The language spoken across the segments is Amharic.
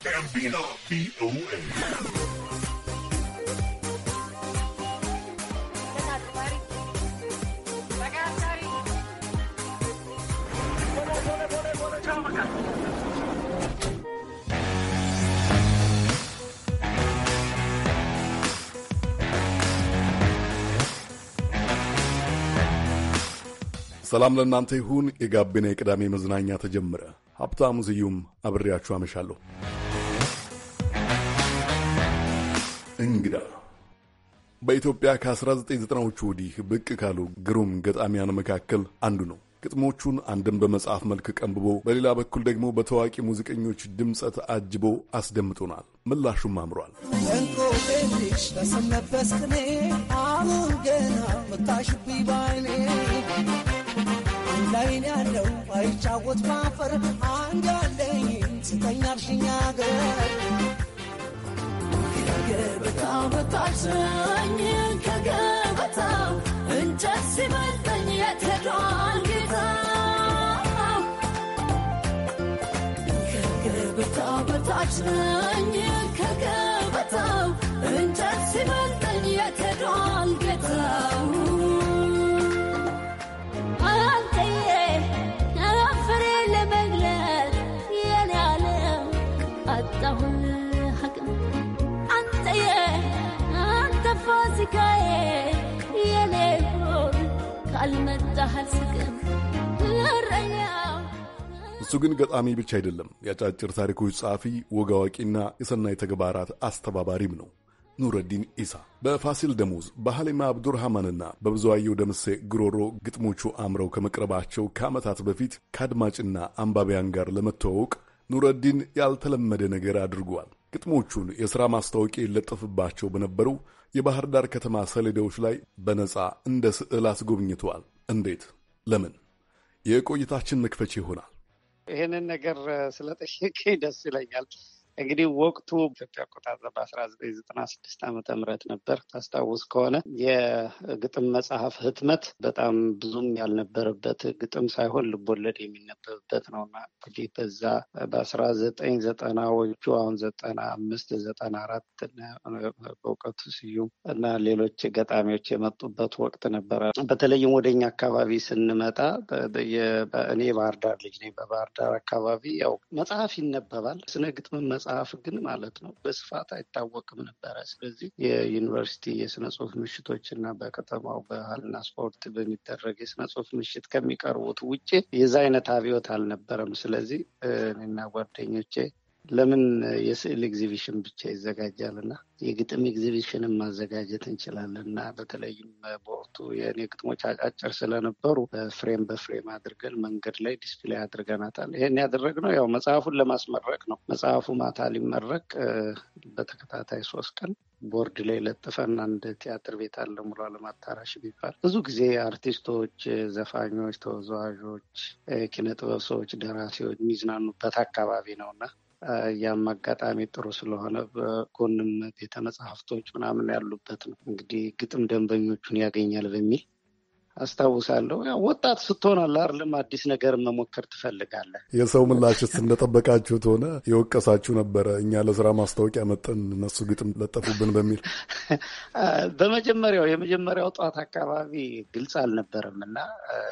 ሰላም ለእናንተ ይሁን። የጋቢና የቅዳሜ መዝናኛ ተጀመረ። ሀብታሙ ስዩም አብሬያችሁ አመሻለሁ። በኢትዮጵያ ከ1990ዎቹ ወዲህ ብቅ ካሉ ግሩም ገጣሚያን መካከል አንዱ ነው። ግጥሞቹን አንድም በመጽሐፍ መልክ ቀንብቦ በሌላ በኩል ደግሞ በታዋቂ ሙዚቀኞች ድምፀት አጅቦ አስደምጦናል። ምላሹም አምሯል። አሁን ገና ላይን ያለው አይጫወት ማፈር አንድ ያለኝ ስተኛ ገር ከገበታው በታች ስኝ ከገበታው እንጨት ሲበልጠኝ የት ሄዷል ጌታ ከገበታው በታች ከገበታው እንጨት ሲበልጠኝ የት ሄዷል ፖለቲካዬ የኔ ሆይ ካልመጣህ አልስቅም። እሱ ግን ገጣሚ ብቻ አይደለም፣ የአጫጭር ታሪኮች ጸሐፊ፣ ወግ አዋቂና የሰናይ ተግባራት አስተባባሪም ነው። ኑረዲን ኢሳ በፋሲል ደሞዝ በሐሊማ አብዱርሃማንና በብዙአየሁ ደምሴ ግሮሮ ግጥሞቹ አምረው ከመቅረባቸው ከዓመታት በፊት ከአድማጭና አንባቢያን ጋር ለመተዋወቅ ኑረዲን ያልተለመደ ነገር አድርጓል። ግጥሞቹን የሥራ ማስታወቂያ ይለጠፍባቸው በነበሩ የባህር ዳር ከተማ ሰሌዳዎች ላይ በነፃ እንደ ስዕል አስጎብኝተዋል። እንዴት? ለምን? የቆይታችን መክፈቻ ይሆናል። ይህንን ነገር ስለጠየቀኝ ደስ ይለኛል። እንግዲህ ወቅቱ ኢትዮጵያ አቆጣጠር በአስራ ዘጠኝ ዘጠና ስድስት ዓመተ ምህረት ነበር። ታስታውስ ከሆነ የግጥም መጽሐፍ ህትመት በጣም ብዙም ያልነበረበት ግጥም ሳይሆን ልቦለድ የሚነበብበት ነው እና እንግዲህ በዛ በአስራ ዘጠኝ ዘጠናዎቹ አሁን ዘጠና አምስት ዘጠና አራት በእውቀቱ ስዩም እና ሌሎች ገጣሚዎች የመጡበት ወቅት ነበረ። በተለይም ወደኛ አካባቢ ስንመጣ እኔ ባህርዳር ልጅ ነኝ። በባህርዳር አካባቢ ያው መጽሐፍ ይነበባል። ስነ ግጥም መጽ መጽሐፍ ግን ማለት ነው በስፋት አይታወቅም ነበረ። ስለዚህ የዩኒቨርሲቲ የስነ ጽሁፍ ምሽቶች እና በከተማው ባህልና ስፖርት በሚደረግ የስነ ጽሁፍ ምሽት ከሚቀርቡት ውጭ የዛ አይነት አብዮት አልነበረም። ስለዚህ እኔና ጓደኞቼ ለምን የስዕል ኤግዚቢሽን ብቻ ይዘጋጃል? እና የግጥም ኤግዚቢሽንን ማዘጋጀት እንችላለን እና በተለይም በወቅቱ የእኔ ግጥሞች አጫጭር ስለነበሩ ፍሬም በፍሬም አድርገን መንገድ ላይ ዲስፕሌይ አድርገናታል። ይህን ያደረግነው ያው መጽሐፉን ለማስመረቅ ነው። መጽሐፉ ማታ ሊመረቅ በተከታታይ ሶስት ቀን ቦርድ ላይ ለጥፈን አንድ ቲያትር ቤት አለ ሙሉ ዓለም አዳራሽ ብዙ ጊዜ አርቲስቶች፣ ዘፋኞች፣ ተወዛዋዦች፣ ኪነ ጥበብ ሰዎች፣ ደራሲዎች የሚዝናኑበት አካባቢ ነው እና ያም አጋጣሚ ጥሩ ስለሆነ በጎንም ቤተ መጽሐፍቶች ምናምን ያሉበት ነው። እንግዲህ ግጥም ደንበኞቹን ያገኛል በሚል አስታውሳለሁ። ያው ወጣት ስትሆን አርልም አዲስ ነገር መሞከር ትፈልጋለህ። የሰው ምላሽስ እንደጠበቃችሁት ሆነ? የወቀሳችሁ ነበረ? እኛ ለስራ ማስታወቂያ መጠን እነሱ ግጥም ለጠፉብን በሚል በመጀመሪያው የመጀመሪያው ጠዋት አካባቢ ግልጽ አልነበረም እና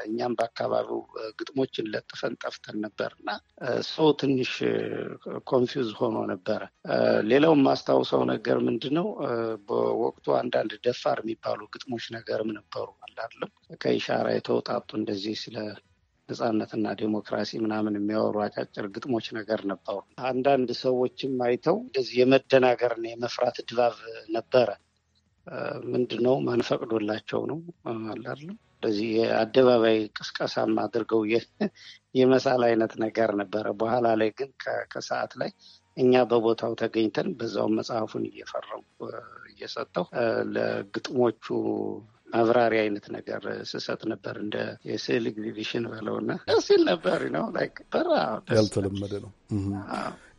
እኛም በአካባቢው ግጥሞችን ለጥፈን ጠፍተን ነበር እና ሰው ትንሽ ኮንፊውዝ ሆኖ ነበረ። ሌላውም ማስታውሰው ነገር ምንድን ነው በወቅቱ አንዳንድ ደፋር የሚባሉ ግጥሞች ነገርም ነበሩ አላለም ቀይ ሻራ የተወጣጡ እንደዚህ ስለ ነጻነትና ዴሞክራሲ ምናምን የሚያወሩ አጫጭር ግጥሞች ነገር ነበሩ። አንዳንድ ሰዎችም አይተው እንደዚህ የመደናገርና የመፍራት ድባብ ነበረ። ምንድን ነው ፈቅዶላቸው ነው አላለም። እንደዚህ የአደባባይ ቅስቀሳም አድርገው የመሳል አይነት ነገር ነበረ። በኋላ ላይ ግን ከሰዓት ላይ እኛ በቦታው ተገኝተን በዛውም መጽሐፉን እየፈረምኩ እየሰጠው ለግጥሞቹ ማብራሪያ አይነት ነገር ስሰጥ ነበር እንደ የስዕል ኤግዚቢሽን ብለውና ደስ ይል ነበር ነው። ያልተለመደ ነው።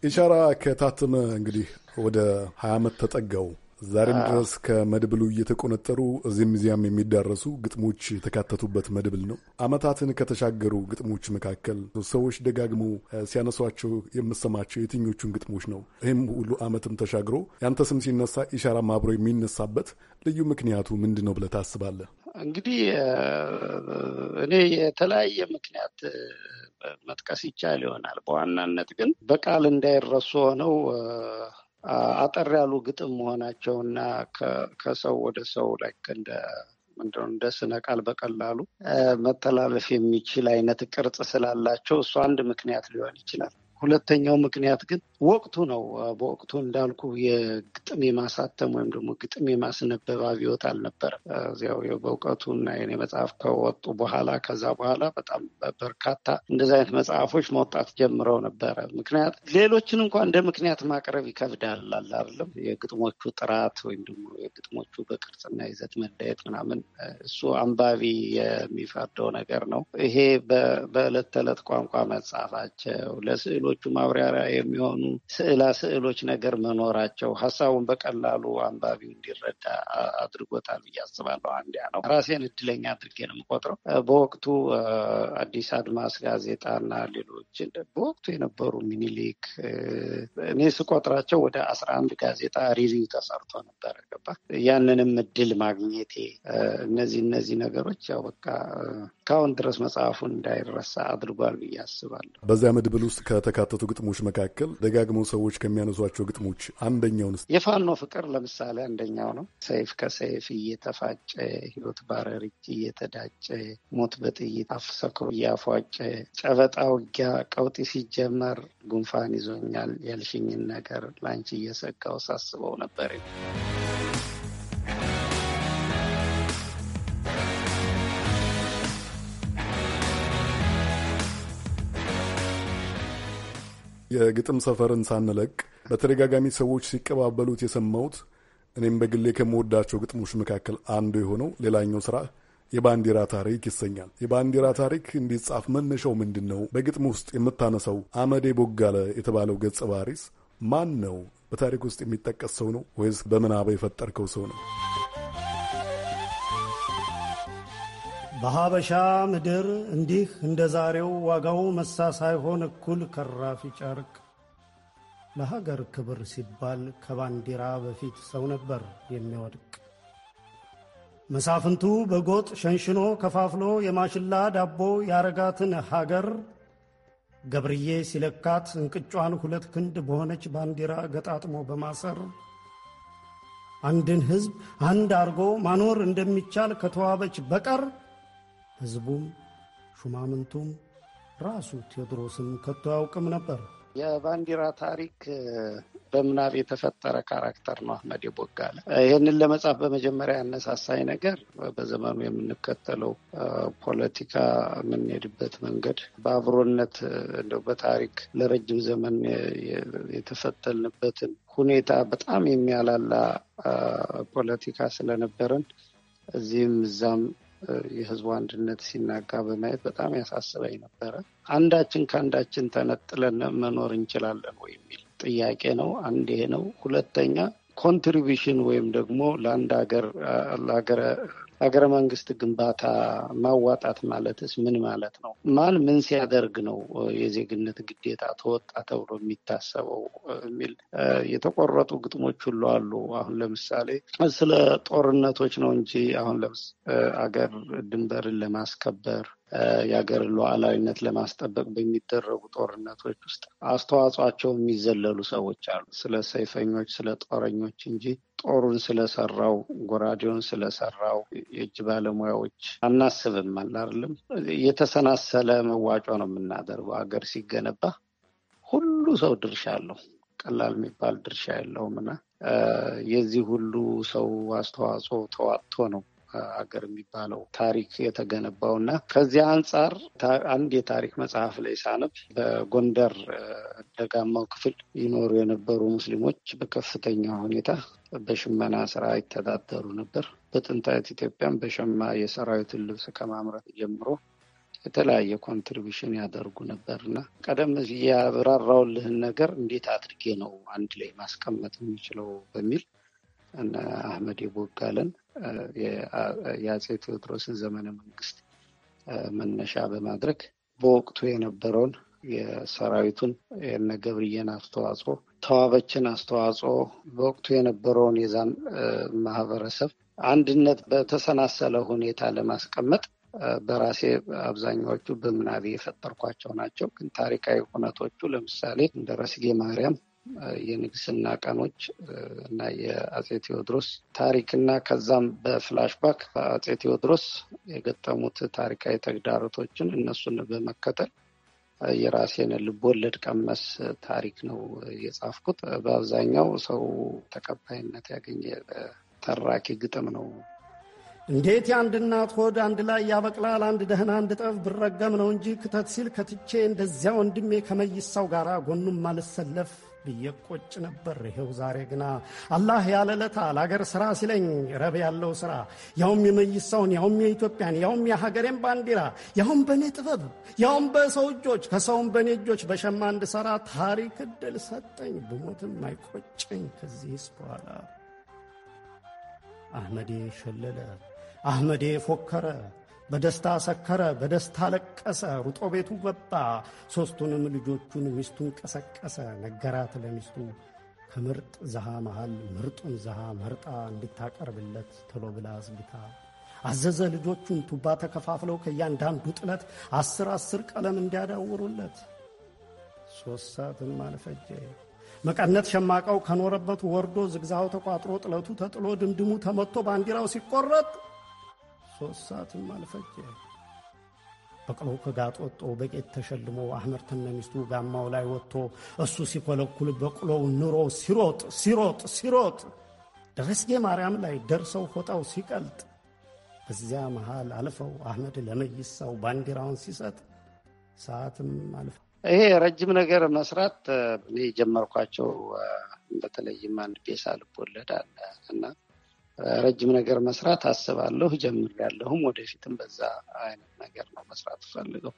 ኢሻራ ከታተመ እንግዲህ ወደ ሀያ ዓመት ተጠጋው። ዛሬም ድረስ ከመድብሉ እየተቆነጠሩ እዚህም እዚያም የሚዳረሱ ግጥሞች የተካተቱበት መድብል ነው። ዓመታትን ከተሻገሩ ግጥሞች መካከል ሰዎች ደጋግሞ ሲያነሷቸው የምሰማቸው የትኞቹን ግጥሞች ነው? ይህም ሁሉ ዓመትም ተሻግሮ ያንተ ስም ሲነሳ ኢሻራም አብሮ የሚነሳበት ልዩ ምክንያቱ ምንድን ነው ብለህ ታስባለህ? እንግዲህ እኔ የተለያየ ምክንያት መጥቀስ ይቻል ይሆናል። በዋናነት ግን በቃል እንዳይረሱ ሆነው አጠር ያሉ ግጥም መሆናቸው እና ከሰው ወደ ሰው ላይ እንደ እንደ ስነ ቃል በቀላሉ መተላለፍ የሚችል አይነት ቅርጽ ስላላቸው እሱ አንድ ምክንያት ሊሆን ይችላል። ሁለተኛው ምክንያት ግን ወቅቱ ነው። በወቅቱ እንዳልኩ የግጥም የማሳተም ወይም ደግሞ ግጥም የማስነበብ አብዮት አልነበረ። እዚያው እና የኔ መጽሐፍ ከወጡ በኋላ ከዛ በኋላ በጣም በርካታ እንደዚ አይነት መጽሐፎች መውጣት ጀምረው ነበረ። ምክንያት ሌሎችን እንኳን እንደ ምክንያት ማቅረብ ይከብዳል አላለም የግጥሞቹ ጥራት ወይም ደግሞ የግጥሞቹ በቅርጽና ይዘት መለየት ምናምን እሱ አንባቢ የሚፈርደው ነገር ነው። ይሄ በዕለት ተዕለት ቋንቋ መጽሐፋቸው ለስዕሉ ለሌሎቹ ማብራሪያ የሚሆኑ ስዕላ ስዕሎች ነገር መኖራቸው ሀሳቡን በቀላሉ አንባቢው እንዲረዳ አድርጎታል ብዬ አስባለሁ። አንድ ነው ራሴን እድለኛ አድርጌ ነው የምቆጥረው። በወቅቱ አዲስ አድማስ ጋዜጣና ሌሎች በወቅቱ የነበሩ ሚኒሊክ እኔ ስቆጥራቸው ወደ አስራ አንድ ጋዜጣ ሪቪው ተሰርቶ ነበረ። ገባ ያንንም እድል ማግኘቴ እነዚህ እነዚህ ነገሮች ያው በቃ እስካሁን ድረስ መጽሐፉን እንዳይረሳ አድርጓል ብዬ አስባለሁ። በዚያ መድብል ውስጥ ከተካተቱ ግጥሞች መካከል ደጋግመው ሰዎች ከሚያነሷቸው ግጥሞች አንደኛው የፋኖ ፍቅር ለምሳሌ አንደኛው ነው። ሰይፍ ከሰይፍ እየተፋጨ ህይወት ባረሪች እየተዳጨ ሞት በጥይት አፍሰክሮ እያፏጨ ጨበጣ ውጊያ ቀውጢ ሲጀመር ጉንፋን ይዞኛል ያልሽኝን ነገር ላንቺ እየሰጋው ሳስበው ነበር። የግጥም ሰፈርን ሳንለቅ በተደጋጋሚ ሰዎች ሲቀባበሉት የሰማሁት እኔም በግሌ ከምወዳቸው ግጥሞች መካከል አንዱ የሆነው ሌላኛው ስራ የባንዲራ ታሪክ ይሰኛል። የባንዲራ ታሪክ እንዲጻፍ መነሻው ምንድን ነው? በግጥም ውስጥ የምታነሳው አመዴ ቦጋለ የተባለው ገጸ ባህሪስ ማን ነው? በታሪክ ውስጥ የሚጠቀስ ሰው ነው ወይስ በምናበ የፈጠርከው ሰው ነው? በሀበሻ ምድር እንዲህ እንደ ዛሬው ዋጋው መሳ ሳይሆን እኩል ከራፊ ጨርቅ ለሀገር ክብር ሲባል ከባንዲራ በፊት ሰው ነበር የሚወድቅ። መሳፍንቱ በጎጥ ሸንሽኖ ከፋፍሎ የማሽላ ዳቦ ያረጋትን ሀገር ገብርዬ ሲለካት እንቅጯን ሁለት ክንድ በሆነች ባንዲራ ገጣጥሞ በማሰር አንድን ሕዝብ አንድ አርጎ ማኖር እንደሚቻል ከተዋበች በቀር ሕዝቡም ሹማምንቱም ራሱ ቴዎድሮስን ከቶ ያውቅም ነበር። የባንዲራ ታሪክ በምናብ የተፈጠረ ካራክተር ነው አህመድ የቦጋለ። ይህንን ለመጻፍ በመጀመሪያ ያነሳሳኝ ነገር በዘመኑ የምንከተለው ፖለቲካ፣ የምንሄድበት መንገድ በአብሮነት እንደው በታሪክ ለረጅም ዘመን የተፈተልንበትን ሁኔታ በጣም የሚያላላ ፖለቲካ ስለነበረን እዚህም እዛም የህዝቡ አንድነት ሲናጋ በማየት በጣም ያሳስበኝ ነበረ። አንዳችን ከአንዳችን ተነጥለን መኖር እንችላለን ወይ የሚል ጥያቄ ነው። አንድ ይሄ ነው። ሁለተኛ ኮንትሪቢሽን ወይም ደግሞ ለአንድ ሀገር ለሀገረ ሀገረ መንግስት ግንባታ ማዋጣት ማለትስ ምን ማለት ነው? ማን ምን ሲያደርግ ነው የዜግነት ግዴታ ተወጣ ተብሎ የሚታሰበው የሚል የተቆረጡ ግጥሞች ሁሉ አሉ። አሁን ለምሳሌ ስለ ጦርነቶች ነው እንጂ አሁን አገር ድንበርን ለማስከበር የሀገር ሉዓላዊነት ለማስጠበቅ በሚደረጉ ጦርነቶች ውስጥ አስተዋጽኦአቸው የሚዘለሉ ሰዎች አሉ። ስለ ሰይፈኞች፣ ስለ ጦረኞች እንጂ ጦሩን ስለሰራው ጎራዴውን ስለሰራው የእጅ ባለሙያዎች አናስብም። አላርልም የተሰናሰለ መዋጮ ነው የምናደርገው። ሀገር ሲገነባ ሁሉ ሰው ድርሻ አለው። ቀላል የሚባል ድርሻ የለውም እና የዚህ ሁሉ ሰው አስተዋጽኦ ተዋጥቶ ነው ሀገር የሚባለው ታሪክ የተገነባው እና ከዚያ አንጻር አንድ የታሪክ መጽሐፍ ላይ ሳነብ በጎንደር ደጋማው ክፍል ይኖሩ የነበሩ ሙስሊሞች በከፍተኛ ሁኔታ በሽመና ስራ ይተዳደሩ ነበር። በጥንታዊት ኢትዮጵያም በሸማ የሰራዊትን ልብስ ከማምረት ጀምሮ የተለያየ ኮንትሪቢሽን ያደርጉ ነበር እና ቀደም ያብራራውልህን ነገር እንዴት አድርጌ ነው አንድ ላይ ማስቀመጥ የሚችለው በሚል እነ አህመድ የቦጋለን የአጼ ቴዎድሮስን ዘመነ መንግስት መነሻ በማድረግ በወቅቱ የነበረውን የሰራዊቱን የነ ገብርዬን አስተዋጽኦ፣ ተዋበችን አስተዋጽኦ በወቅቱ የነበረውን የዛን ማህበረሰብ አንድነት በተሰናሰለ ሁኔታ ለማስቀመጥ በራሴ አብዛኛዎቹ በምናቤ የፈጠርኳቸው ናቸው። ግን ታሪካዊ ሁነቶቹ ለምሳሌ እንደ ረስጌ ማርያም የንግስና ቀኖች እና የአጼ ቴዎድሮስ ታሪክና ከዛም በፍላሽባክ በአጼ ቴዎድሮስ የገጠሙት ታሪካዊ ተግዳሮቶችን እነሱን በመከተል የራሴን ልብ ወለድ ቀመስ ታሪክ ነው የጻፍኩት። በአብዛኛው ሰው ተቀባይነት ያገኘ ተራኪ ግጥም ነው። እንዴት የአንድ እናት ሆድ አንድ ላይ ያበቅላል፣ አንድ ደህና አንድ ጠብ ብረገም ነው እንጂ ክተት ሲል ከትቼ እንደዚያ ወንድሜ ከመይሳው ጋር ጎኑም አልሰለፍ ብዬ ቆጭ ነበር። ይኸው ዛሬ ግና አላህ ያለ ለታ ለአገር ስራ ሲለኝ ረብ ያለው ስራ ያውም የመይሳውን ያውም የኢትዮጵያን ያውም የሀገሬን ባንዲራ ያውም በእኔ ጥበብ ያውም በሰው እጆች ከሰውም በእኔ እጆች በሸማ እንድሠራ ታሪክ ዕድል ሰጠኝ። ብሞትም አይቆጨኝ ከዚህስ በኋላ አህመዴ ሸለለ፣ አህመዴ ፎከረ በደስታ ሰከረ፣ በደስታ ለቀሰ፣ ሩጦ ቤቱ ወጣ። ሦስቱንም ልጆቹን ሚስቱን ቀሰቀሰ፣ ነገራት ለሚስቱ ከምርጥ ዘሃ መሃል ምርጡን ዘሃ መርጣ እንድታቀርብለት ቶሎ ብላ አዝግታ አዘዘ። ልጆቹን ቱባ ተከፋፍለው ከእያንዳንዱ ጥለት አስር አስር ቀለም እንዲያዳውሩለት ሦስት ሰዓትም አልፈጀ። መቀነት ሸማቀው ከኖረበት ወርዶ ዝግዛው ተቋጥሮ ጥለቱ ተጥሎ ድምድሙ ተመቶ ባንዲራው ሲቆረጥ ሦስት ሰዓትም አልፈጀ። በቅሎ ከጋጥ ወጦ በቄት ተሸልሞ አህመድ ሚስቱ ጋማው ላይ ወጥቶ እሱ ሲኮለኩል በቅሎው ኑሮ ሲሮጥ ሲሮጥ ሲሮጥ ደረስጌ ማርያም ላይ ደርሰው ሆጣው ሲቀልጥ በዚያ መሃል አልፈው አህመድ ለመይሳው ባንዲራውን ሲሰጥ ሰዓትም አልፈ ይሄ ረጅም ነገር መስራት እኔ የጀመርኳቸው በተለይም አንድ ቤሳ ልቦለድ አለ እና ረጅም ነገር መስራት አስባለሁ፣ ጀምሬያለሁም። ወደፊትም በዛ አይነት ነገር ነው መስራት ፈልገው።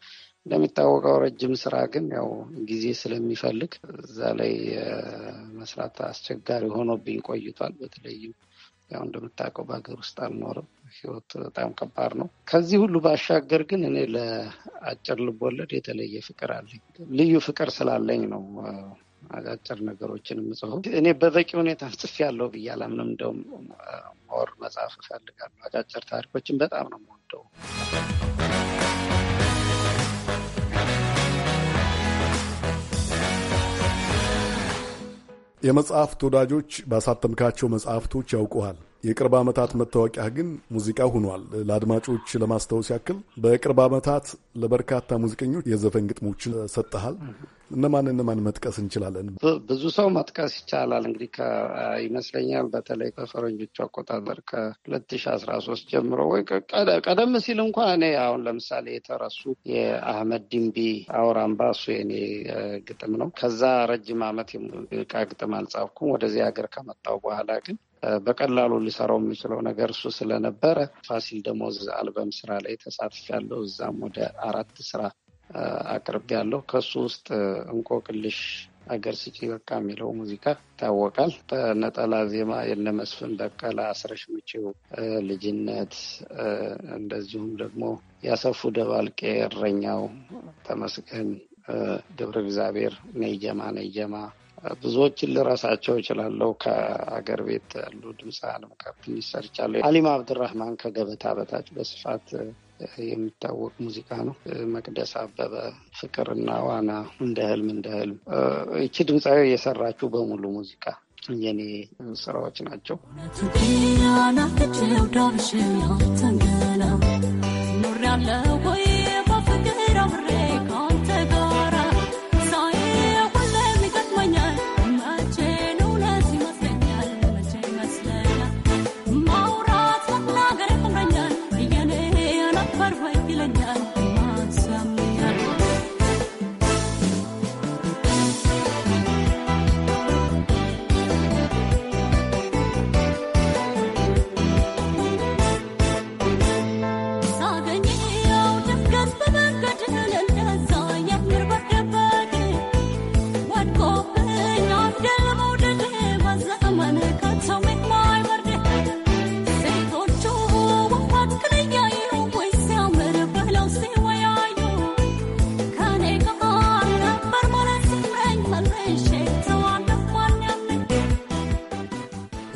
እንደሚታወቀው ረጅም ስራ ግን ያው ጊዜ ስለሚፈልግ እዛ ላይ መስራት አስቸጋሪ ሆኖብኝ ቆይቷል። በተለይም ያው እንደምታውቀው በሀገር ውስጥ አልኖርም። ህይወት በጣም ከባድ ነው። ከዚህ ሁሉ ባሻገር ግን እኔ ለአጭር ልቦለድ የተለየ ፍቅር አለኝ። ልዩ ፍቅር ስላለኝ ነው አጫጭር ነገሮችን የምጽፈው እኔ በበቂ ሁኔታ ጽፌ ያለው ብዬ አላምንም። እንደውም ሞር መጽሐፍ እፈልጋለሁ። አጫጭር ታሪኮችን በጣም ነው የምወደው። የመጽሐፍት ወዳጆች ባሳተምካቸው መጽሐፍቶች ያውቁሃል። የቅርብ ዓመታት መታወቂያ ግን ሙዚቃ ሆኗል። ለአድማጮች ለማስታወስ ያክል በቅርብ ዓመታት ለበርካታ ሙዚቀኞች የዘፈን ግጥሞች ሰጥተሃል። እነማን እነማን መጥቀስ እንችላለን? ብዙ ሰው መጥቀስ ይቻላል። እንግዲህ ይመስለኛል በተለይ ከፈረንጆቹ አቆጣጠር ከ2013 ጀምሮ ወይ ቀደም ሲል እንኳን እኔ አሁን ለምሳሌ የተረሱ የአህመድ ድንቢ አውራምባ እሱ የኔ ግጥም ነው። ከዛ ረጅም ዓመት የሙዚቃ ግጥም አልጻፍኩም። ወደዚህ ሀገር ከመጣው በኋላ ግን በቀላሉ ሊሰራው የሚችለው ነገር እሱ ስለነበረ ፋሲል ደሞዝ አልበም ስራ ላይ ያለው እዛም ወደ አራት ስራ ያለው ከሱ ውስጥ እንቆቅልሽ አገር ስጪ በቃ የሚለው ሙዚቃ ይታወቃል። በነጠላ ዜማ የነመስፍን በቀለ፣ አስረሽ ምጪው፣ ልጅነት እንደዚሁም ደግሞ ያሰፉ ደባልቄ፣ እረኛው ተመስገን፣ ገብረ እግዚአብሔር፣ ነይጀማ ነይጀማ ብዙዎችን ልረሳቸው እችላለሁ። ከአገር ቤት ያሉ ድምፃውያን መካከል ይሰርቻለሁ። አሊም አብድራህማን ከገበታ በታች በስፋት የሚታወቅ ሙዚቃ ነው። መቅደስ አበበ ፍቅርና ዋና፣ እንደ ህልም እንደ ህልም እቺ ድምፃዊ የሰራችው በሙሉ ሙዚቃ የኔ ስራዎች ናቸው። ዳብሽ ያለው ወይ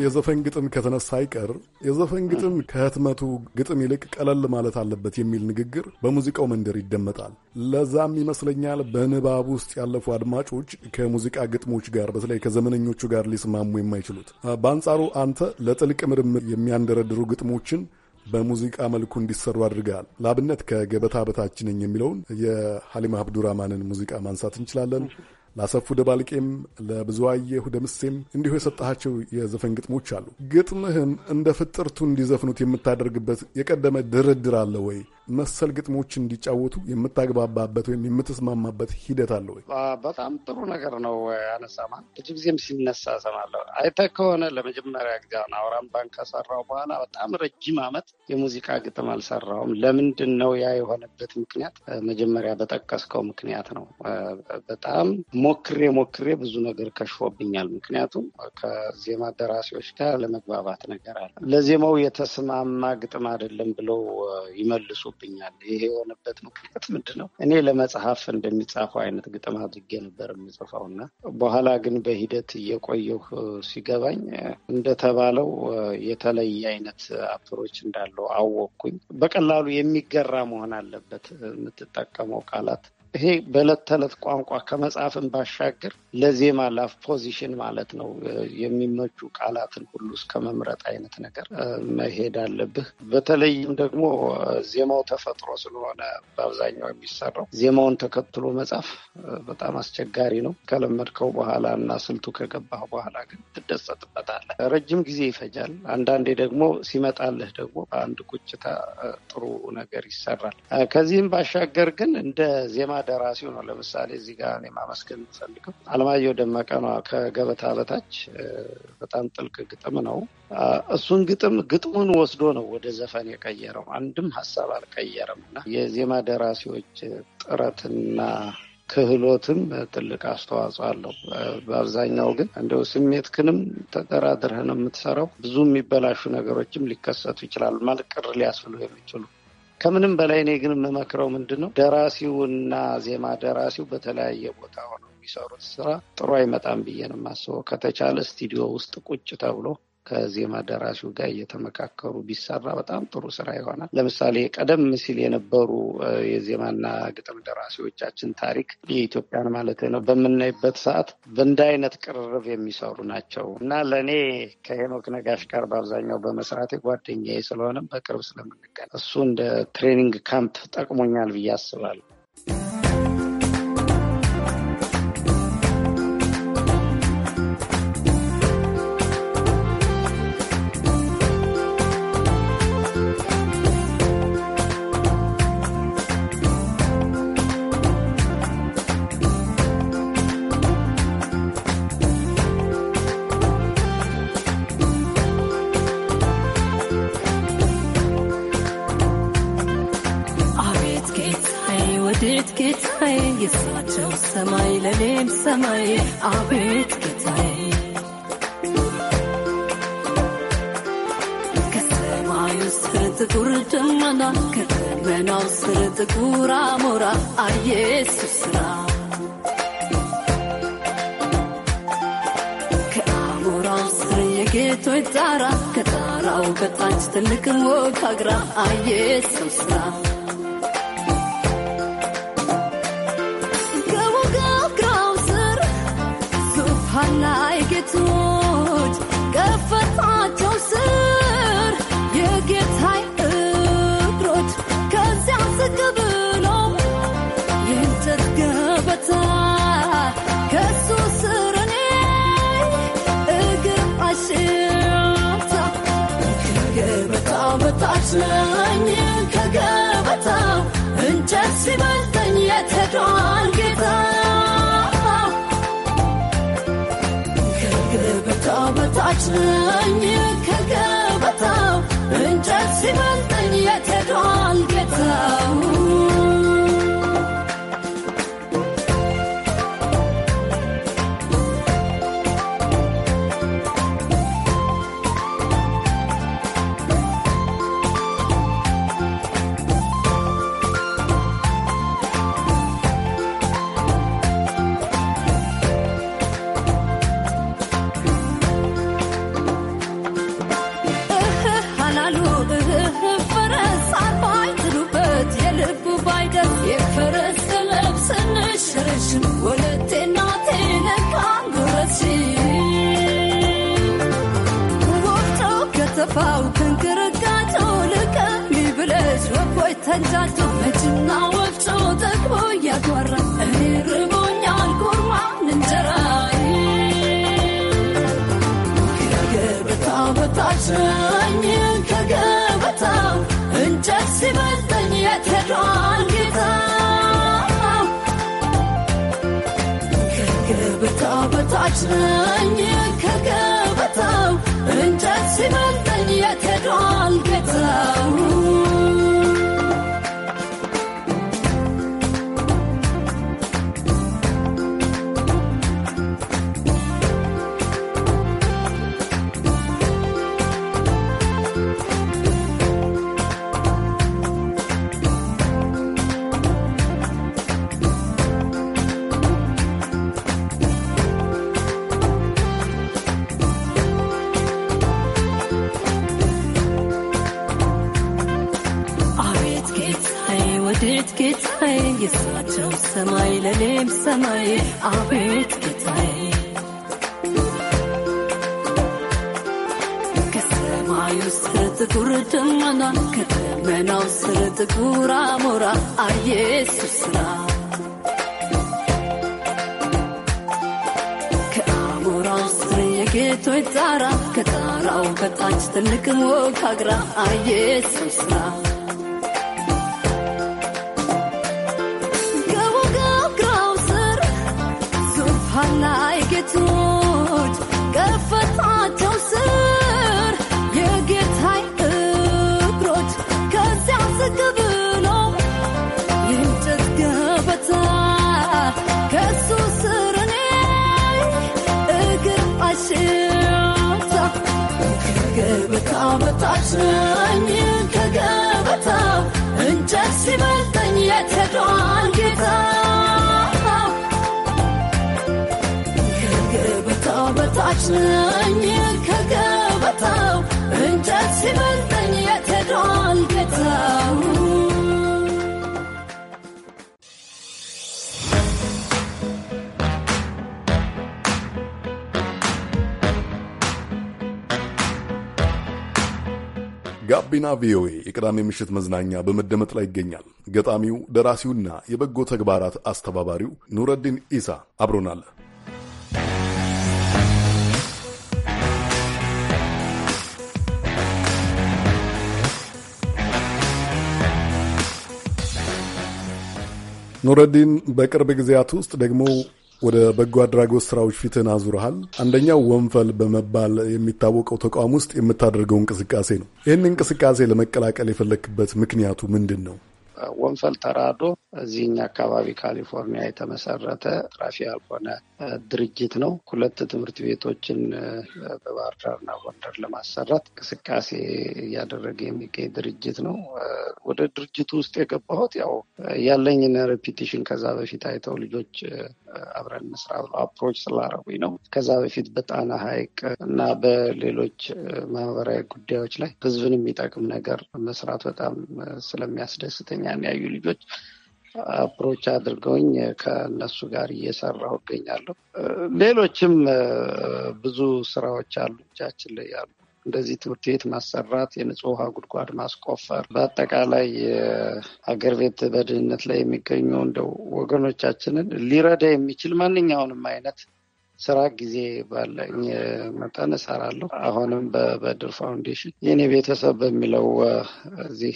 የዘፈን ግጥም ከተነሳ አይቀር የዘፈን ግጥም ከህትመቱ ግጥም ይልቅ ቀለል ማለት አለበት የሚል ንግግር በሙዚቃው መንደር ይደመጣል። ለዛም ይመስለኛል በንባብ ውስጥ ያለፉ አድማጮች ከሙዚቃ ግጥሞች ጋር በተለይ ከዘመነኞቹ ጋር ሊስማሙ የማይችሉት። በአንጻሩ አንተ ለጥልቅ ምርምር የሚያንደረድሩ ግጥሞችን በሙዚቃ መልኩ እንዲሰሩ አድርገሃል። ለአብነት ከገበታ በታች የሚለውን የሀሊማ አብዱራማንን ሙዚቃ ማንሳት እንችላለን። ላሰፉ ደባልቄም ለብዙአየሁ ደምሴም እንዲሁ የሰጠሃቸው የዘፈን ግጥሞች አሉ። ግጥምህን እንደ ፍጥርቱ እንዲዘፍኑት የምታደርግበት የቀደመ ድርድር አለ ወይ? መሰል ግጥሞች እንዲጫወቱ የምታግባባበት ወይም የምትስማማበት ሂደት አለ ወይ? በጣም ጥሩ ነገር ነው ያነሳማ። ብዙ ጊዜም ሲነሳ ሰማለሁ። አይተህ ከሆነ ለመጀመሪያ ጊዜ አውራምባን ባንክ ከሰራው በኋላ በጣም ረጅም ዓመት የሙዚቃ ግጥም አልሰራውም። ለምንድን ነው ያ የሆነበት ምክንያት? መጀመሪያ በጠቀስከው ምክንያት ነው። በጣም ሞክሬ ሞክሬ ብዙ ነገር ከሽፎብኛል። ምክንያቱም ከዜማ ደራሲዎች ጋር ለመግባባት ነገር አለ። ለዜማው የተስማማ ግጥም አይደለም ብለው ይመልሱ ይኖርብኛል። ይሄ የሆነበት ምክንያት ምንድን ነው? እኔ ለመጽሐፍ እንደሚጻፈው አይነት ግጥም አድርጌ ነበር የምጽፈው እና በኋላ ግን በሂደት እየቆየሁ ሲገባኝ እንደተባለው የተለየ አይነት አፕሮች እንዳለው አወቅኩኝ። በቀላሉ የሚገራ መሆን አለበት የምትጠቀመው ቃላት ይሄ በዕለት ተዕለት ቋንቋ ከመጽሐፍን ባሻገር ለዜማ ፖዚሽን ማለት ነው የሚመቹ ቃላትን ሁሉ እስከ መምረጥ አይነት ነገር መሄድ አለብህ። በተለይም ደግሞ ዜማው ተፈጥሮ ስለሆነ በአብዛኛው የሚሰራው ዜማውን ተከትሎ መጻፍ በጣም አስቸጋሪ ነው። ከለመድከው በኋላ እና ስልቱ ከገባህ በኋላ ግን ትደሰጥበታለህ። ረጅም ጊዜ ይፈጃል። አንዳንዴ ደግሞ ሲመጣልህ ደግሞ በአንድ ቁጭታ ጥሩ ነገር ይሰራል። ከዚህም ባሻገር ግን እንደ ዜማ ደራሲው ነው። ለምሳሌ እዚህ ጋር እኔ ማመስገን የምፈልገው አለማየሁ ደመቀ ነው። ከገበታ በታች በጣም ጥልቅ ግጥም ነው። እሱን ግጥም ግጥሙን ወስዶ ነው ወደ ዘፈን የቀየረው። አንድም ሀሳብ አልቀየረም እና የዜማ ደራሲዎች ጥረትና ክህሎትም ትልቅ አስተዋጽኦ አለው። በአብዛኛው ግን እንደው ስሜት ክንም ተደራድረህ ነው የምትሰራው። ብዙ የሚበላሹ ነገሮችም ሊከሰቱ ይችላሉ። ማለት ቅር ሊያስብሉ የሚችሉ ከምንም በላይ እኔ ግን የምመክረው ምንድን ነው ደራሲው እና ዜማ ደራሲው በተለያየ ቦታ ሆነው የሚሰሩት ስራ ጥሩ አይመጣም ብዬ ነው የማስበው። ከተቻለ ስቱዲዮ ውስጥ ቁጭ ተብሎ ከዜማ ደራሲው ጋር እየተመካከሩ ቢሰራ በጣም ጥሩ ስራ ይሆናል። ለምሳሌ ቀደም ሲል የነበሩ የዜማና ግጥም ደራሲዎቻችን ታሪክ የኢትዮጵያን ማለት ነው በምናይበት ሰዓት በእንደ አይነት ቅርርብ የሚሰሩ ናቸው እና ለእኔ ከሄኖክ ነጋሽ ጋር በአብዛኛው በመስራቴ ጓደኛዬ ስለሆነ በቅርብ ስለምንገናኝ እሱ እንደ ትሬኒንግ ካምፕ ጠቅሞኛል ብዬ አስባለሁ። ጣራ ከጣራው በታች ትልቅ ሞካግራ አየ ስራ ከሞካግራው ስር ዙፋን ላይ ጌቶች ሲያሳዝነኝ ከገበታው እንጨት ሲበልጠኝ የተዷል ጌታ ከገበታው በታች ነኝ ከገበታው እንጨት ሲበልጠኝ የተዷል ያነሳኝን ከገበታው እንጨት ሲበልጠኝ የት ሄዷል በታች ነኝ ከገበታው እንጨት ሲበልጠኝ የት የሳቸው ሰማይ ለኔም ሰማይ አቤት ጌታዬ ከሰማዩ ስር ጥቁር ደመና ከደመናው ስር ጥቁር አሞራ አኢየሱስ ስራ ከአሞራው ስር የጌቶች ጣራ ከጣራው በታች ትልቅ ሞካግራ አኢየሱስ ስራ በካመታች ነኝ ከገበታ እንጨት ሲበልጠኝ የከዷን ጌታ ከገበታው በታች ነኝ እንጨት ሲበልጠኝ የከዷን ጌታ ጋቢና ቪኦኤ የቅዳሜ ምሽት መዝናኛ በመደመጥ ላይ ይገኛል። ገጣሚው ደራሲውና የበጎ ተግባራት አስተባባሪው ኑረዲን ኢሳ አብሮናል። ኑረዲን በቅርብ ጊዜያት ውስጥ ደግሞ ወደ በጎ አድራጎት ስራዎች ፊትን አዙረሃል። አንደኛው ወንፈል በመባል የሚታወቀው ተቋም ውስጥ የምታደርገው እንቅስቃሴ ነው። ይህን እንቅስቃሴ ለመቀላቀል የፈለክበት ምክንያቱ ምንድን ነው? ወንፈል ተራዶ እዚህኛ አካባቢ ካሊፎርኒያ የተመሰረተ ራፊ ያልሆነ ድርጅት ነው። ሁለት ትምህርት ቤቶችን በባህር ዳርና ጎንደር ለማሰራት እንቅስቃሴ እያደረገ የሚገኝ ድርጅት ነው። ወደ ድርጅቱ ውስጥ የገባሁት ያው ያለኝን ሬፒቲሽን ከዛ በፊት አይተው ልጆች አብረን እንስራ ብለው አፕሮች ስላረጉኝ ነው። ከዛ በፊት በጣና ሐይቅ እና በሌሎች ማህበራዊ ጉዳዮች ላይ ህዝብን የሚጠቅም ነገር መስራት በጣም ስለሚያስደስተኝ እኛን ያዩ ልጆች አፕሮች አድርገውኝ ከእነሱ ጋር እየሰራሁ እገኛለሁ። ሌሎችም ብዙ ስራዎች አሉ እጃችን ላይ ያሉ እንደዚህ ትምህርት ቤት ማሰራት፣ የንጹህ ውሃ ጉድጓድ ማስቆፈር፣ በአጠቃላይ ሀገር ቤት በድህነት ላይ የሚገኙ እንደው ወገኖቻችንን ሊረዳ የሚችል ማንኛውንም አይነት ስራ ጊዜ ባለኝ መጠን እሰራለሁ። አሁንም በበድር ፋውንዴሽን የኔ ቤተሰብ በሚለው እዚህ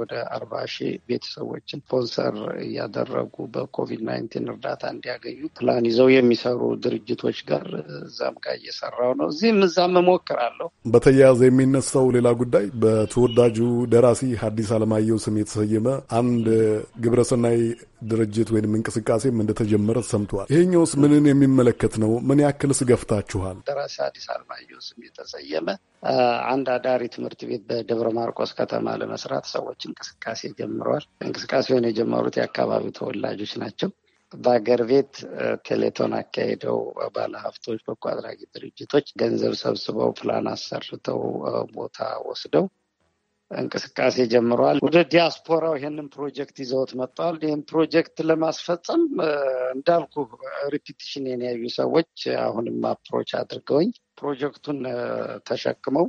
ወደ አርባ ሺህ ቤተሰቦችን ስፖንሰር እያደረጉ በኮቪድ ናይንቲን እርዳታ እንዲያገኙ ፕላን ይዘው የሚሰሩ ድርጅቶች ጋር እዛም ጋር እየሰራው ነው። እዚህም እዛም እሞክራለሁ። በተያያዘ የሚነሳው ሌላ ጉዳይ በተወዳጁ ደራሲ ሐዲስ ዓለማየሁ ስም የተሰየመ አንድ ግብረሰናይ ድርጅት ወይም እንቅስቃሴም እንደተጀመረ ሰምተዋል። ይሄኛውስ ምንን የሚመለከት ነው? ምን ያክልስ ገፍታችኋል? ደራሲ አዲስ አለማየሁ ስም የተሰየመ አንድ አዳሪ ትምህርት ቤት በደብረ ማርቆስ ከተማ ለመስራት ሰዎች እንቅስቃሴ ጀምረዋል። እንቅስቃሴውን የጀመሩት የአካባቢው ተወላጆች ናቸው። በሀገር ቤት ቴሌቶን አካሄደው ባለሀብቶች፣ በጎ አድራጊ ድርጅቶች ገንዘብ ሰብስበው ፕላን አሰርተው ቦታ ወስደው እንቅስቃሴ ጀምረዋል። ወደ ዲያስፖራው ይህንን ፕሮጀክት ይዘውት መጥተዋል። ይህን ፕሮጀክት ለማስፈጸም እንዳልኩ ሪፒቲሽን የያዩ ሰዎች አሁንም አፕሮች አድርገውኝ ፕሮጀክቱን ተሸክመው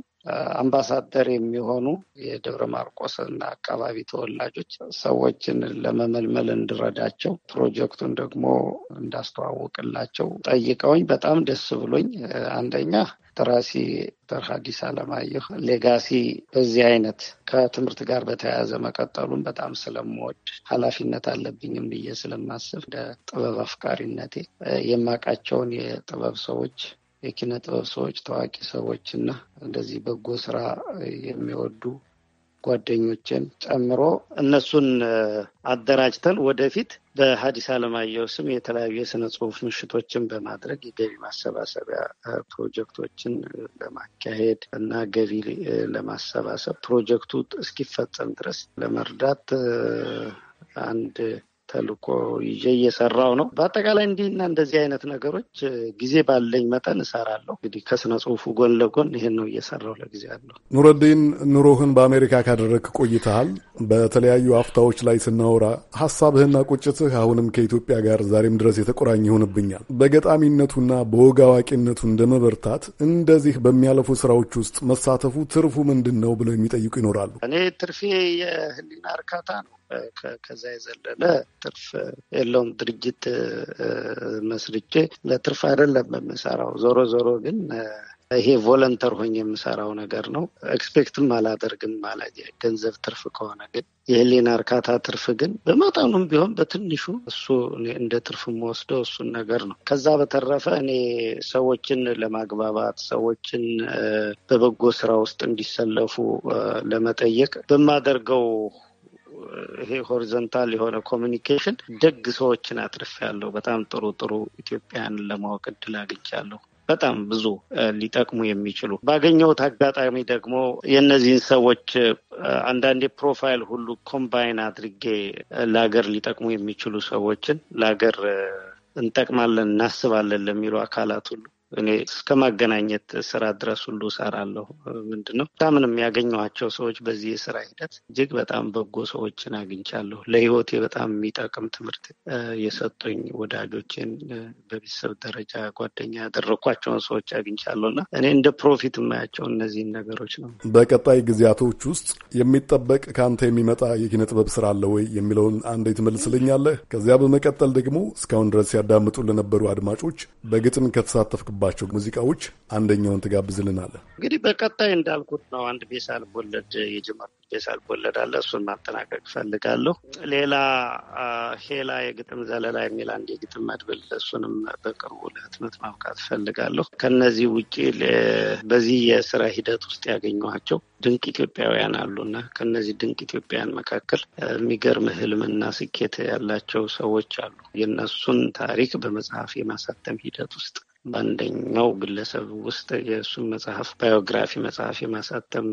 አምባሳደር የሚሆኑ የደብረ ማርቆስ አካባቢ ተወላጆች ሰዎችን ለመመልመል እንድረዳቸው ፕሮጀክቱን ደግሞ እንዳስተዋውቅላቸው ጠይቀውኝ በጣም ደስ ብሎኝ አንደኛ ደራሲ ዶክተር ሐዲስ ዓለማየሁ ሌጋሲ በዚህ አይነት ከትምህርት ጋር በተያያዘ መቀጠሉን በጣም ስለምወድ ኃላፊነት አለብኝም ብዬ ስለማስብ እንደ ጥበብ አፍቃሪነቴ የማቃቸውን የጥበብ ሰዎች የኪነ ጥበብ ሰዎች፣ ታዋቂ ሰዎች እና እንደዚህ በጎ ስራ የሚወዱ ጓደኞችን ጨምሮ እነሱን አደራጅተን ወደፊት በሀዲስ አለማየሁ ስም የተለያዩ የስነ ጽሁፍ ምሽቶችን በማድረግ የገቢ ማሰባሰቢያ ፕሮጀክቶችን ለማካሄድ እና ገቢ ለማሰባሰብ ፕሮጀክቱ እስኪፈጸም ድረስ ለመርዳት አንድ ተልእኮ ይዤ እየሰራው ነው። በአጠቃላይ እንዲህና እንደዚህ አይነት ነገሮች ጊዜ ባለኝ መጠን እሰራለሁ። እንግዲህ ከስነ ጽሁፉ ጎን ለጎን ይሄን ነው እየሰራው ለጊዜ አለሁ። ኑረዲን፣ ኑሮህን በአሜሪካ ካደረግክ ቆይተሃል። በተለያዩ አፍታዎች ላይ ስናወራ ሀሳብህና ቁጭትህ አሁንም ከኢትዮጵያ ጋር ዛሬም ድረስ የተቆራኝ ይሆንብኛል። በገጣሚነቱና በወግ አዋቂነቱ እንደ መበርታት እንደዚህ በሚያለፉ ስራዎች ውስጥ መሳተፉ ትርፉ ምንድን ነው ብለው የሚጠይቁ ይኖራሉ። እኔ ትርፌ የህሊና እርካታ ነው። ከዛ የዘለለ ትርፍ የለውም። ድርጅት መስርቼ ለትርፍ አይደለም የምሰራው። ዞሮ ዞሮ ግን ይሄ ቮለንተር ሆኝ የምሰራው ነገር ነው። ኤክስፔክትም አላደርግም ማለት ገንዘብ ትርፍ ከሆነ ግን የህሊና እርካታ ትርፍ ግን በመጠኑም ቢሆን በትንሹ እሱ እንደ ትርፍ የምወስደው እሱን ነገር ነው። ከዛ በተረፈ እኔ ሰዎችን ለማግባባት ሰዎችን በበጎ ስራ ውስጥ እንዲሰለፉ ለመጠየቅ በማደርገው ይሄ ሆሪዞንታል የሆነ ኮሚኒኬሽን ደግ ሰዎችን አትርፌያለሁ። በጣም ጥሩ ጥሩ ኢትዮጵያን ለማወቅ እድል አግኝቻለሁ። በጣም ብዙ ሊጠቅሙ የሚችሉ ባገኘሁት አጋጣሚ ደግሞ የእነዚህን ሰዎች አንዳንዴ ፕሮፋይል ሁሉ ኮምባይን አድርጌ ለሀገር ሊጠቅሙ የሚችሉ ሰዎችን ለሀገር እንጠቅማለን እናስባለን ለሚሉ አካላት ሁሉ እኔ እስከ ማገናኘት ስራ ድረስ ሁሉ ሰራለሁ። ምንድን ነው በጣምን የሚያገኘኋቸው ሰዎች በዚህ የስራ ሂደት እጅግ በጣም በጎ ሰዎችን አግኝቻለሁ። ለህይወቴ በጣም የሚጠቅም ትምህርት የሰጡኝ ወዳጆችን በቤተሰብ ደረጃ ጓደኛ ያደረግኳቸውን ሰዎች አግኝቻለሁ እና እኔ እንደ ፕሮፊት የማያቸው እነዚህን ነገሮች ነው። በቀጣይ ጊዜያቶች ውስጥ የሚጠበቅ ከአንተ የሚመጣ የኪነ ጥበብ ስራ አለ ወይ የሚለውን አንዴ ትመልስልኛለህ። ከዚያ በመቀጠል ደግሞ እስካሁን ድረስ ያዳምጡ ለነበሩ አድማጮች በግጥም ከተሳተፍክ ከሚገኙባቸው ሙዚቃዎች አንደኛውን ትጋብዝልናለ? እንግዲህ በቀጣይ እንዳልኩት ነው አንድ ቤሳ ልቦለድ የጀመርኩት ቤሳ ልቦለድ አለ። እሱን ማጠናቀቅ ፈልጋለሁ። ሌላ ሄላ የግጥም ዘለላ የሚል አንድ የግጥም መድብል፣ እሱንም በቅርቡ ለህትመት ማብቃት ፈልጋለሁ። ከነዚህ ውጭ በዚህ የስራ ሂደት ውስጥ ያገኘኋቸው ድንቅ ኢትዮጵያውያን አሉና ከነዚህ ድንቅ ኢትዮጵያውያን መካከል የሚገርም ህልምና ስኬት ያላቸው ሰዎች አሉ። የእነሱን ታሪክ በመጽሐፍ የማሳተም ሂደት ውስጥ በአንደኛው ግለሰብ ውስጥ የእሱን መጽሐፍ ባዮግራፊ መጽሐፍ የማሳተም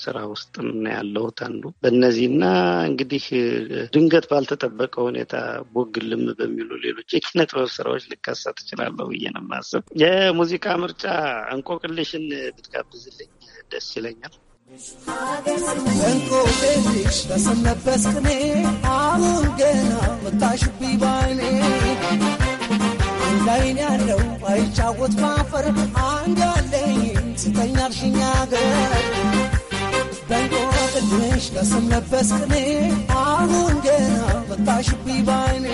ስራ ውስጥ ነው ያለሁት አንዱ በእነዚህና እንግዲህ ድንገት ባልተጠበቀ ሁኔታ ቦግልም በሚሉ ሌሎች የኪነ ጥበብ ስራዎች ልከሰት እችላለሁ ብዬ ነው የማስብ። የሙዚቃ ምርጫ እንቆቅልሽን ብትጋብዝልኝ ደስ ይለኛል። እንቆቅልሽ በሰነበስክኔ አሁን ገና መታሽቢ ባይኔ ላይን ያለው አይጫወት ባፈር አንድ ያለኝ ስተኛ ርሽኛ በእንቆቅልሽ ለስም ለበስ ቅኔ አሁን ገና በታሽቢ ባይኔ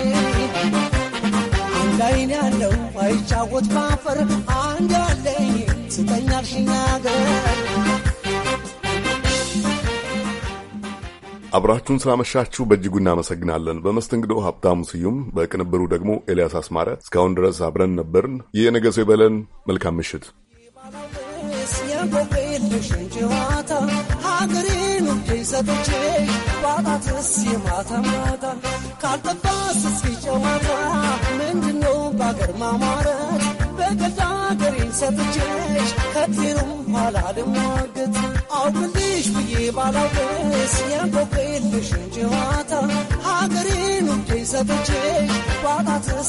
ላይን ያለው አይጫወት ባፈር አንድ ያለኝ ስተኛ አልሽኛገር አብራችሁን ስላመሻችሁ በእጅጉ እናመሰግናለን። በመስተንግዶ ሀብታሙ ስዩም፣ በቅንብሩ ደግሞ ኤልያስ አስማረ። እስካሁን ድረስ አብረን ነበርን። የነገ ሰው ይበለን። መልካም ምሽት። ካልጠባስ እስኪ ጨዋታ ምንድነው በአገር ማማረት በገዳ ሰጥቼሽ ከቲሩም ኋላ ልሟገት አውቅልሽ ብዬ ባላውቅስ ያንቆቅልሽ እንጂ ዋታ ሀገሬን ውዴ ሰጥቼሽ ባጣትስ